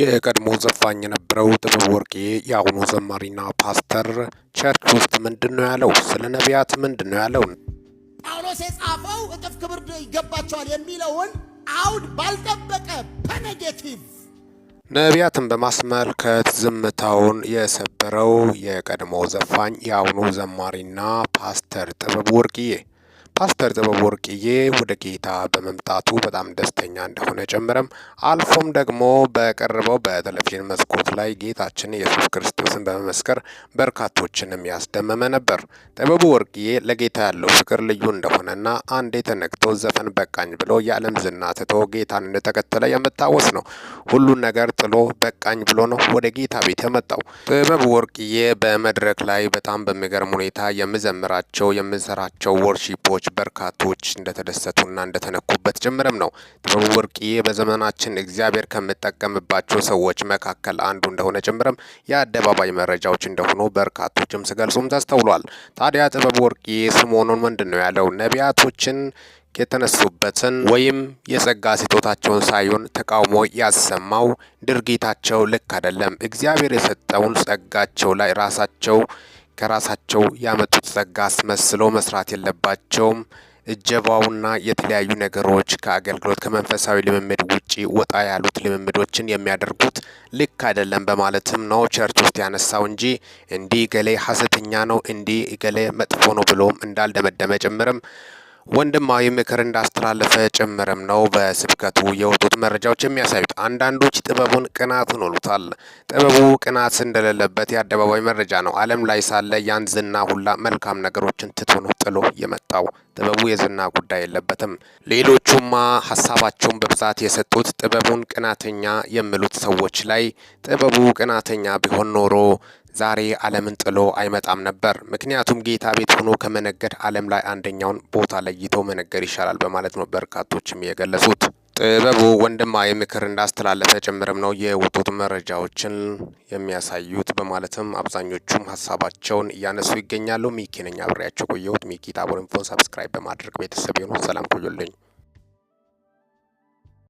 የቀድሞ ዘፋኝ የነበረው ጥበብ ወርቄ የአሁኑ ዘማሪና ፓስተር ቸርች ውስጥ ምንድን ነው ያለው? ስለ ነቢያት ምንድን ነው ያለው? ጳውሎስ የጻፈው እጥፍ ክብር ይገባቸዋል የሚለውን አውድ ባልጠበቀ በኔጌቲቭ ነቢያትን በማስመልከት ዝምታውን የሰበረው የቀድሞ ዘፋኝ የአሁኑ ዘማሪና ፓስተር ጥበብ ወርቅዬ ፓስተር ጥበቡ ወርቅዬ ወደ ጌታ በመምጣቱ በጣም ደስተኛ እንደሆነ ጨምረም አልፎም ደግሞ በቀረበው በቴሌቪዥን መስኮት ላይ ጌታችን ኢየሱስ ክርስቶስን በመመስከር በርካቶችንም ያስደመመ ነበር። ጥበቡ ወርቅዬ ለጌታ ያለው ፍቅር ልዩ እንደሆነና አንዴ ተነግቶ ዘፈን በቃኝ ብሎ የዓለም ዝና ትቶ ጌታን እንደተከተለ የምታወስ ነው። ሁሉን ነገር ጥሎ በቃኝ ብሎ ነው ወደ ጌታ ቤት የመጣው። ጥበቡ ወርቅዬ በመድረክ ላይ በጣም በሚገርም ሁኔታ የምዘምራቸው የምሰራቸው ወርሺፖች በርካቶች እንደተደሰቱና እንደተነኩበት ጭምርም ነው። ጥበቡ ወርቅዬ በዘመናችን እግዚአብሔር ከምጠቀምባቸው ሰዎች መካከል አንዱ እንደሆነ ጭምርም የአደባባይ መረጃዎች እንደሆኑ በርካቶችም ሲገልጹም ተስተውሏል። ታዲያ ጥበቡ ወርቅዬ ሰሞኑን ምንድን ነው ያለው? ነቢያቶችን የተነሱበትን ወይም የጸጋ ስጦታቸውን ሳይሆን ተቃውሞ ያሰማው ድርጊታቸው ልክ አይደለም፣ እግዚአብሔር የሰጠውን ጸጋቸው ላይ ራሳቸው ከራሳቸው ያመጡት ጸጋ አስመስሎ መስራት የለባቸውም። እጀባውና የተለያዩ ነገሮች ከአገልግሎት ከመንፈሳዊ ልምምድ ውጪ ወጣ ያሉት ልምምዶችን የሚያደርጉት ልክ አይደለም በማለትም ነው ቸርች ውስጥ ያነሳው እንጂ እንዲህ እገሌ ሀሰተኛ ነው፣ እንዲህ እገሌ መጥፎ ነው ብሎም እንዳልደመደመ ጭምርም ወንድማዊ ምክር እንዳስተላለፈ ጭምርም ነው በስብከቱ የወጡት መረጃዎች የሚያሳዩት። አንዳንዶች ጥበቡን ቅናት ይሉታል። ጥበቡ ቅናት እንደሌለበት የአደባባይ መረጃ ነው። ዓለም ላይ ሳለ ያን ዝና ሁላ መልካም ነገሮችን ትቶ ነው ጥሎ የመጣው። ጥበቡ የዝና ጉዳይ የለበትም። ሌሎቹማ ሀሳባቸውን በብዛት የሰጡት ጥበቡን ቅናተኛ የሚሉት ሰዎች ላይ ጥበቡ ቅናተኛ ቢሆን ኖሮ ዛሬ ዓለምን ጥሎ አይመጣም ነበር። ምክንያቱም ጌታ ቤት ሆኖ ከመነገድ ዓለም ላይ አንደኛውን ቦታ ለይቶ መነገድ ይሻላል በማለት ነው በርካቶችም የገለጹት። ጥበቡ ወንድማዊ ምክር እንዳስተላለፈ ጭምርም ነው የወጡት መረጃዎችን የሚያሳዩት በማለትም አብዛኞቹም ሀሳባቸውን እያነሱ ይገኛሉ። ሚኪ ነኝ አብሬያቸው ቆየሁት። ሚኪ ታቦር ኢንፎን ሰብስክራይብ በማድረግ ቤተሰብ የሆኑ ሰላም ቆዩልኝ።